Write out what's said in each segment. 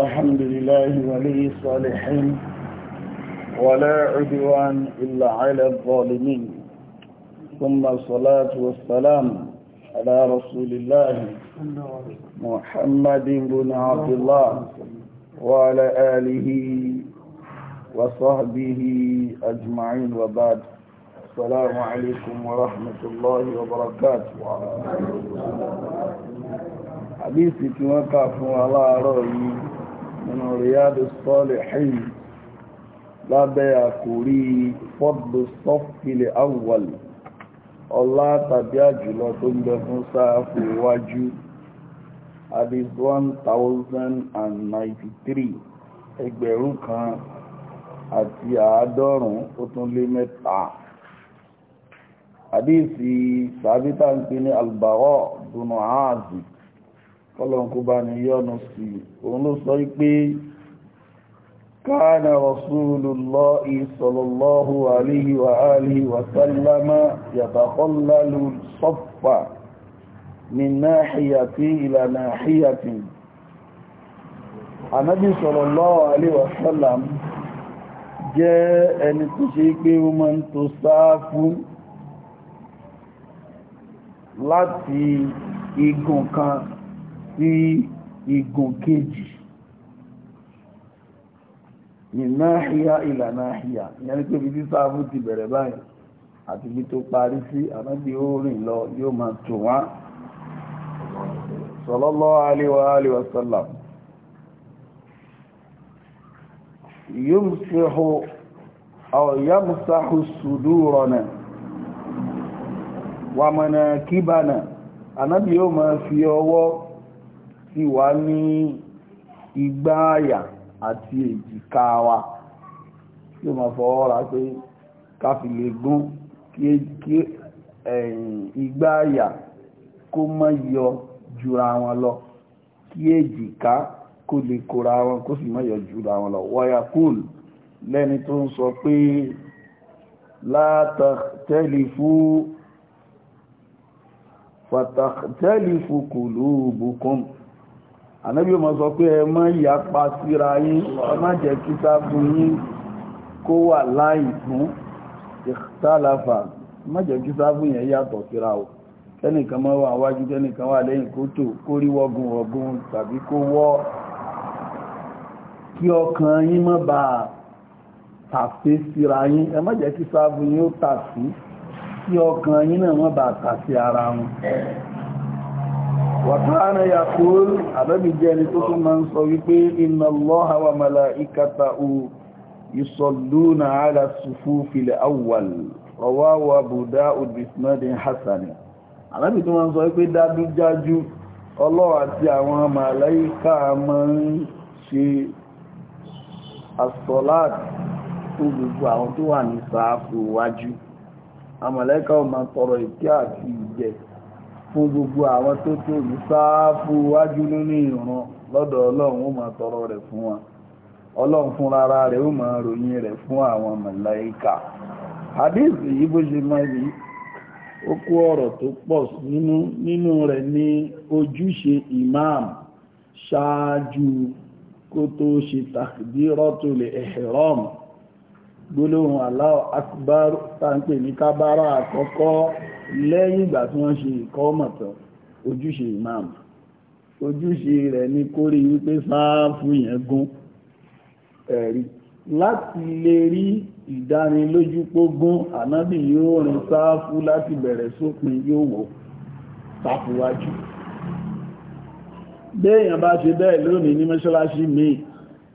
الحمد لله ولي الصالحين ولا عدوان إلا على الظالمين ثم الصلاة والسلام على رسول الله محمد بن عبد الله وعلى آله وصحبه أجمعين وبعد السلام عليكم ورحمة الله وبركاته حديثي كما كافوا الله رأيي nínú Riyadu Salihin lábẹ́ àkórí fọ́dù sọ́fìlẹ̀ awwal ọlá tàbí àjùlọ tó ń bẹ fún sáàfù iwájú hadith 1093 ẹgbẹ̀rún kan àti àádọ́rùn-ún ó tún lé mẹ́ta hadith sàbítà ń pè ní Al-Bara' dùnú ààzì kọlọ̀nkú bá ní yọ́nà sí òun ló sọ pé káàna rasulullahi sallallahu alaihi wa alihi wa sallama yataqallalu saffa min nahiyati ila nahiyati ànábì sallallahu alaihi wa sallam jẹ́ ẹni tó ṣe pé ó máa ń tò láti igun kan sí igun kejì ìnáhíyá ìlànáhíyá ìyẹn pé bí sáàfù ti bẹ̀rẹ̀ báyìí àti bí tó parí sí ànábì ó rìn lọ yóò máa tò wá sallallahu alaihi wa sallam yumsihu aw yamsahu sudurana wa manakibana ànábì yóò fi ọwọ́ sí wa ní igbá àyà àti èjìká wa yóò máa fọwọ́ ra pé ká fi lè gún kí igbá àyà kó mọ́ yọ jura wọn lọ kí èjìká kó lè kóra wọn kó sì mọ́ yọ jura wọn lọ wáyà kúlù lẹ́ni tó ń sọ pé látàtẹ́lifú fàtàtẹ́lifú kùlù bùkún ànábí ọmọ sọ pé ẹ má ìyapa síra yín ẹ má jẹ́ kí sáàbùn yín kó wà láì fún ìtàlàfà má jẹ́ kí sáàbùn yẹn yàtọ̀ síra o kẹ́nìkan mọ́ wà wájú kẹ́nìkan wà lẹ́yìn kó tò kó rí wọ́gun wọ́gun tàbí kó wọ́ kí ọkàn yín má bà tàfé síra yín ẹ kí sáàbùn yín ó tàfí kí ọkàn yín náà má bà tàfé ara wọn وكان يقول أبي جالسة من صويبي إن na وملائكته يصلون على الصفوف الأول رواه أبو داود بإسناد حسن àlábì tí wọ́n sọ pé dájú jájú ọlọ́wà àwọn màláíkà máa ń ṣe asọ́láàtì tó gbogbo àwọn tó wà ní sáàfù wájú àmàláíkà ọmọ tọrọ ìkẹ́ àti ìjẹ́ fún gbogbo àwọn tó tóbi sááfù wájú nínú ìran lọ́dọ̀ ọlọ́run ó máa tọrọ rẹ̀ fún wa ọlọ́run fún rárá rẹ̀ ó máa ròyìn rẹ̀ fún àwọn màláíkà hadith yìí bó ṣe máa yìí ó kó ọ̀rọ̀ tó pọ̀ nínú nínú rẹ̀ ní ojúṣe imam ṣáájú kó tó ṣe takbiratul ihram gbólóhùn Allahu akbar tàǹpẹ̀ ní kábára àkọ́kọ́ lẹ́yìn ìgbà tí wọ́n ṣe ìkọ́mọ̀tọ̀ ojúṣe ìmáàmù ojúṣe rẹ̀ ni kó rí wípé sáàfù yẹn gún ẹ̀rí láti lè rí ìdánilójú pógún ànábì yóò rìn sáàfù láti bẹ̀rẹ̀ sópin yóò wò sáàfù wájú bá ṣe bẹ́ẹ̀ lónìí ní mọ́ṣáláṣí míì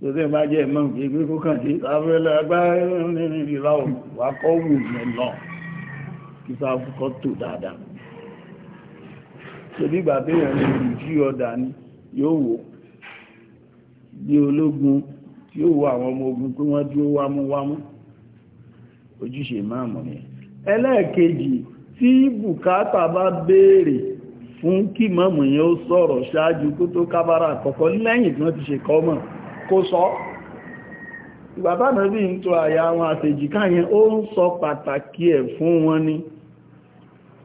tòtẹ́ bá jẹ́ mọ́ ìgbé kó kàn sí abẹ́lẹ̀ agbáyẹ̀rún nínú ìlà wà kọ́ wù mí lọ kí sá kọ́ tò dáadáa ṣe bí bàbá èèyàn ní ìjú ọ̀dà ni yóò wò bí ológun tí ó wọ àwọn ọmọ ogun pé wọ́n dúró wámúwámú ojúṣe máa mọ̀ ní ẹlẹ́ẹ̀kejì tí bùkátà bá béèrè fún kí mọ́mù yẹn ó sọ̀rọ̀ ṣáájú kó tó kábára àkọ́kọ́ lẹ́yìn tí wọ́n ti ṣe kọ́ kó sọ ìgbàbá nàbí ń tó àyà wọn àtèjìká yẹn ó ń sọ pàtàkì ẹ̀ fún wọn ni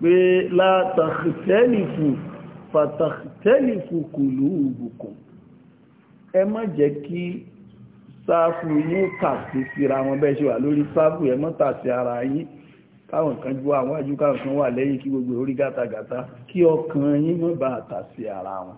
pé látàkìtẹ́lìfù fàtàkìtẹ́lìfù kùlù ìbùkùn ẹ má jẹ́ kí sáàfù yín tàbí síra wọn bẹ́ẹ̀ ṣe wà lórí sáàfù ẹ má tàbí ara yín káwọn kan jú àwọn ajú kan wà lẹ́yìn kí gbogbo orí gátagàtá kí ọkàn yín má bá tàbí ara wọn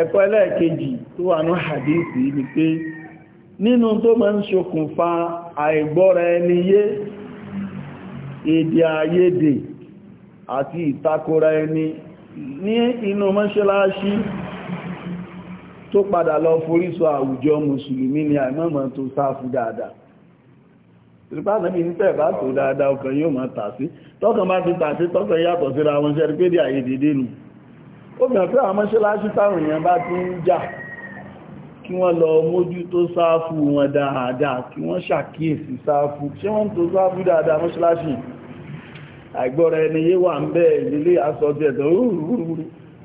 ẹ̀kọ́ ẹlẹ́ẹ̀kejì tó wà ní hadisi ni pé nínú tó máa ń ṣokùnfà àìgbọ́ra ẹni yé èdè àìyedè àti ìtakora ẹni ní inú mọ́ṣáláṣí tó padà lọ forísọ àwùjọ mùsùlùmí ni àìmọ́mọ̀ tó sáfù dáadáa ìrìpáàmì ní tẹ́ẹ̀bá tó dáadáa ọkàn yóò máa tàṣí tọ́kàn bá ti tàṣí tọ́kàn yàtọ̀ síra wọn ṣẹ́rí pé dí àyè dédé nù ó bẹ̀rẹ̀ pé àwọn mọ́ṣáláṣí táwọn èèyàn bá ti ń jà kí wọ́n lọ mójú tó sáàfù wọn dáadáa kí wọ́n ṣàkíyèsí sáàfù ṣé wọ́n tó sáàfù dáadáa mọ́ṣáláṣí àìgbọ́ra ẹni yé wà ń bẹ́ ìdílé asọ́jọ́ ẹ̀tọ́ rúrúrú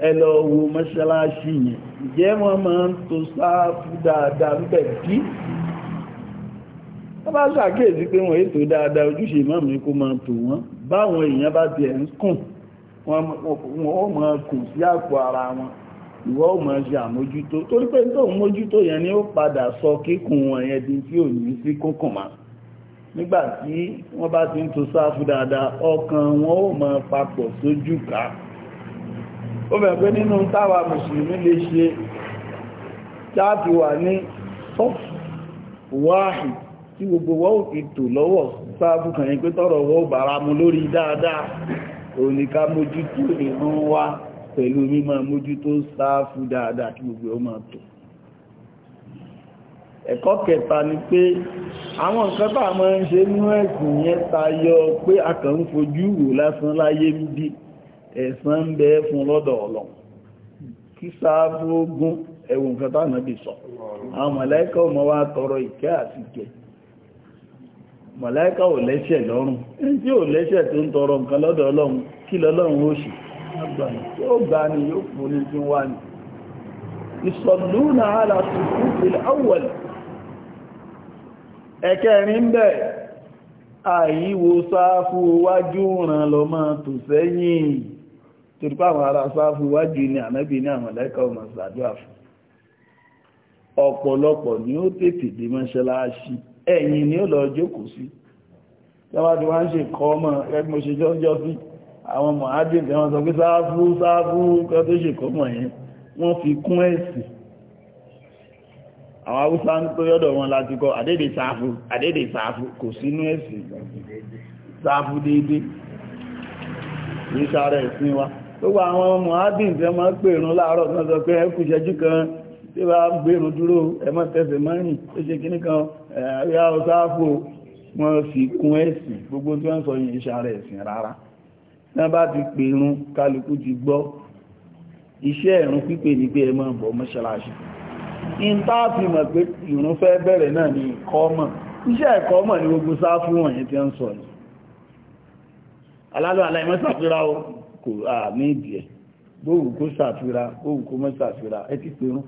ẹ lọ wo mọ́ṣáláṣí yẹn ìjẹ́ wọ́n máa ń tó sáàfù dáadáa ń bẹ̀ kí wọ́n bá ṣàkíyèsí pé wọ́n ètò dáadáa ojúṣe mọ́mí kó máa tò wọ́n báwọn èèyàn bá ti ẹ̀ ń kùn wọ́n mọ̀ kù sí àpò ara wọn ìwọ mọ̀ ṣe àmójútó torí pé tó ń mójútó yẹn ni ó padà sọ kíkùn wọn yẹn di tí ò ní sí kúnkùn mọ́ nígbà tí wọ́n bá ti ń to sáfù dáadáa ọkàn wọn ó mọ̀ papọ̀ sójú ká ó fẹ́ pé nínú táwa mùsùlùmí lè ṣe láti wà ní wáhì tí gbogbo wọ́n ò fi tò lọ́wọ́ sáfù kan yẹn pé tọ́rọ̀ wọ́n bàrá mu lórí dáadáa òun ni ká mójútó ìran wa pẹ̀lú mímọ̀ mójútó sáàfù dáadáa kí gbogbo ọmọ tó ẹ̀kọ́ kẹta ni pé àwọn nǹkan bá mọ́ ń ṣe nínú ẹ̀sìn yẹn tayọ pé a kàn ń fojú wò lásán láyé ń bí ẹ̀san ń bẹ fún lọ́dọ̀ ọlọ́run kí sáàfù ogun ẹ̀wọ̀n nǹkan tánà bì sọ àwọn mọ̀lẹ́kọ̀ọ́ mọ́ wá tọrọ ìkẹ́ àti ìkẹ́ màláíkà ò lẹ́ṣẹ̀ lọ́rùn ẹni tí ò lẹ́ṣẹ̀ tó ń tọrọ nǹkan lọ́dọ̀ ọlọ́run kí lọ́lọ́run ó ṣe yóò yóò ní tí wà ní àwọn ará wájú ní ànábì ọmọ fún ọ̀pọ̀lọpọ̀ ni ó tètè dé ẹ̀yìn ni ó lọ jókòó sí tọ́wàtí wá ń ṣe kọ́ ọmọ ẹgbẹ́ ṣe jọ́jọ́ sí àwọn mọ̀hájìn tí wọ́n sọ pé sáfú sáfú kọ́ tó ṣe kọ́ mọ̀ yẹn wọ́n fi kún ẹ̀sì àwọn haúsá ń tó yọ́dọ̀ wọn láti kọ́ àdédè sáfú àdédè sáfú kò sínú ẹ̀sì sáfú déédé ní sára ẹ̀sìn wa gbogbo àwọn mọ̀hájìn tí wọ́n pèrún láàárọ̀ tí wọ́n sọ pé ẹkùṣẹ́jú kan tí bá gbèrún dúró ẹmọ́ tẹ́sẹ̀ mọ́rin tó ṣe kíní kan àríyá ọ̀sáàfò wọ́n fi kún ẹ̀sìn gbogbo tí wọ́n sọ yìí ìṣàrẹ̀ ẹ̀sìn rárá náà bá ti pèrún kálukú ti gbọ́ iṣẹ́ ìrun pípè ní pé ẹmọ́ bọ̀ mọ́ṣáláṣí in tá fi mọ̀ pé ìrun fẹ́ bẹ̀rẹ̀ náà ni ìkọ́mọ̀ iṣẹ́ ìkọ́mọ̀ ni gbogbo sáfù wọ̀nyí tí ń sọ yìí alálọ́ aláìmọ́ sàfíra kò àmì ìdíẹ̀ bóòwù kó sàfíra bóòwù kó mọ́ sàfíra ẹ ti pèrún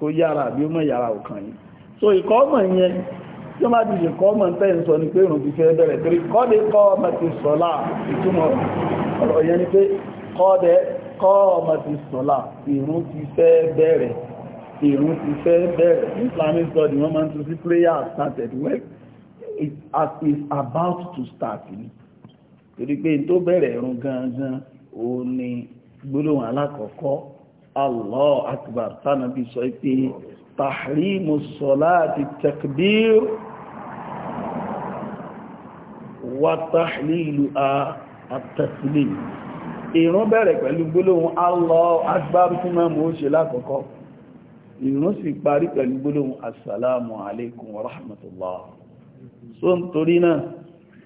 kó yára àbí ó mọ̀ yára ọ̀kan yìí so ìkọ́mọ̀ yẹn tí ó má ti lè kọ́mọ̀ tẹ́ ń sọ ni pé ìrùn ti fẹ́ bẹ̀rẹ̀ torí kọ́dé kọ́ ọmọ ti sọ́lá ìtumọ̀ ọ̀rọ̀ yẹn ni pé kọ́dé kọ́ ọmọ ti sọ́lá ìrùn ti fẹ́ bẹ̀rẹ̀ ìrùn ti fẹ́ bẹ̀rẹ̀ islamic study wọ́n started well it is about to start ni torí pé tó bẹ̀rẹ̀ ìrùn gangan òun ni gbólóhùn alákọ̀ọ́kọ́ Allah akbar tánàbí sọ pé tahrimu salati takbir wa tahlilu at-taslim ìrun bẹ̀rẹ̀ pẹ̀lú gbólóhùn Allahu akbar fún mẹ́mù ó ṣe lákọ̀ọ́kọ́ ìrun sì parí pẹ̀lú gbólóhùn assalamu alaikum wa rahmatullah so ń torí náà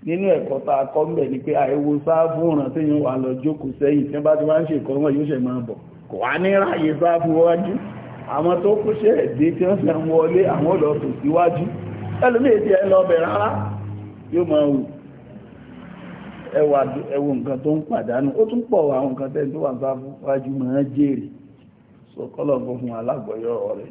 nínú ẹ̀kọ́ ta akọ́ mẹ́ ni pé àìwo sáà fún ọ̀ràn tí yíò wà lọ jókòó sẹ́yìn tí wọ́n bá ti wá ń ṣe ìkọ́ wọn yóò ṣẹ̀ máa bọ̀ kò wá ní ráyè bá fúwájú àwọn tó kú ṣe èdè tí wọ́n fẹ́ wọlé àwọn lọ tò síwájú ẹlùmí èdè ẹ lọ bẹ̀ rárá yóò máa wù ẹwọ nǹkan tó ń pàdánù ó tún pọ̀ àwọn nǹkan tẹ́ tó wà bá fúwájú máa jèrè sọ kọ́lọ̀ fún alágbọ̀yọ́ rẹ̀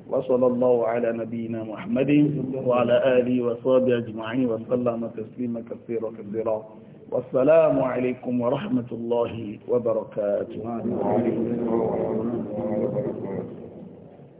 وصلى الله على نبينا محمد وعلى آله وصحبه أجمعين وسلم تسليما كثيرا كثيرا والسلام عليكم ورحمة الله وبركاته